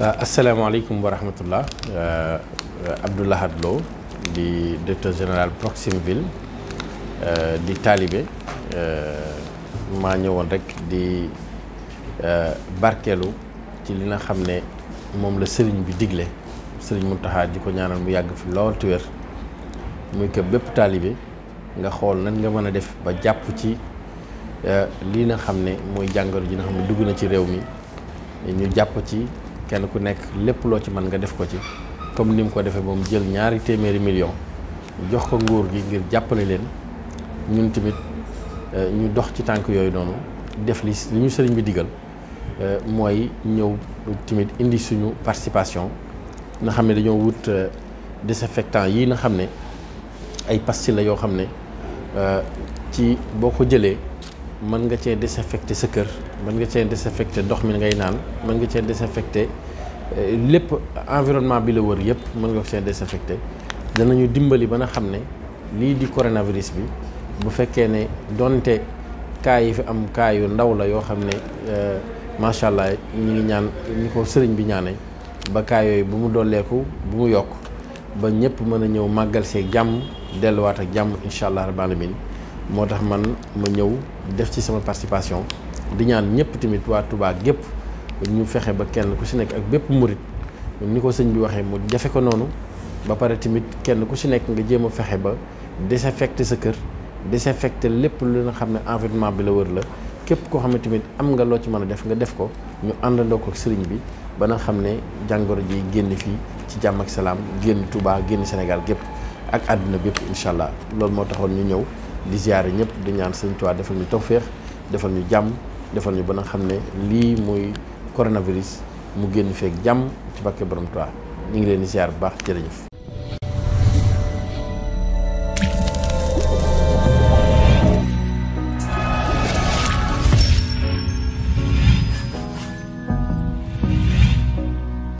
Euh, asalaamaaleykum wa rahmatullah euh, Abdou Lahad Lo di directeur général Proximville euh, di taalibe maa ñëwoon rek di barkeelu ci li na xam ne moom la sëriñ bi digle sëriñ Mountakha di ko ñaanal mu yàgg fi lool te muy que bépp taalibe nga xool nañ nga mën a def ba jàpp ci lii nga xam ne mooy jàngoro ji na xam ne dugg na ci réew mi ñu jàpp ci. kenn ku nekk lépp loo ci mën nga def ko ci comme ni mu ko defee moom jël ñaari téeméeri million jox ko nguur gi ngir jàppale leen ñun tamit euh, ñu dox ci tànk yooyu noonu def li li ñu sëriñ bi digal euh, mooy ñëw tamit indi suñu participation nga xam ne dañoo wut euh, désinfectant yi nga xam ne ay pastille la yoo xam ne ci boo ko jëlee mën nga cee désinfecté sa kër mën nga cee désinfecté ndox mi ngay naan mën nga cee désinfecté eh, lépp environnement bi la wër yëpp mën nga cee désinfecté danañu dimbali ba nga xam ne lii di coronavirus bi bu fekkee ne donte cas yi fi am cas yu ndaw la yoo xam ne eh, macha allah ñu ngi ñaan ñi ko sëriñ bi ñaanee ba cas yooyu bu mu dolleeku bu mu yokk ba ñëpp mën a ñëw màggal see jàmm delluwaat ak jàmm incha allah rabbil alamin moo tax man ma ñëw def ci sama participation di ñaan ñëpp tamit waa Touba gépp ñu fexe ba kenn ku si nekk ak bépp murit ni ko sëñ bi waxee mu jafe ko noonu ba pare tamit kenn ku si nekk nga jéem a fexe ba désinfecté sa kër désinfecté lépp lu nga xam ne environnement bi la wër la képp koo xam ne tamit am nga loo ci mën a def nga def ko ñu àndandoo ko sëriñ bi ba nga xam ne jàngoro ji génn fii ci jàmm ak salaam génn tubaa génn Sénégal gépp ak àdduna bépp incha allah loolu moo taxoon ñu ñëw. di yi ñëpp di ñaan sëñ Tuubaa defal ñu tawféex defal ñu jàmm defal ñu ba nga xam ne lii muy coronavirus mu génn feek jàmm ci bàkke borom Tuubaa ñu ngi leen di bu baax jërëjëf.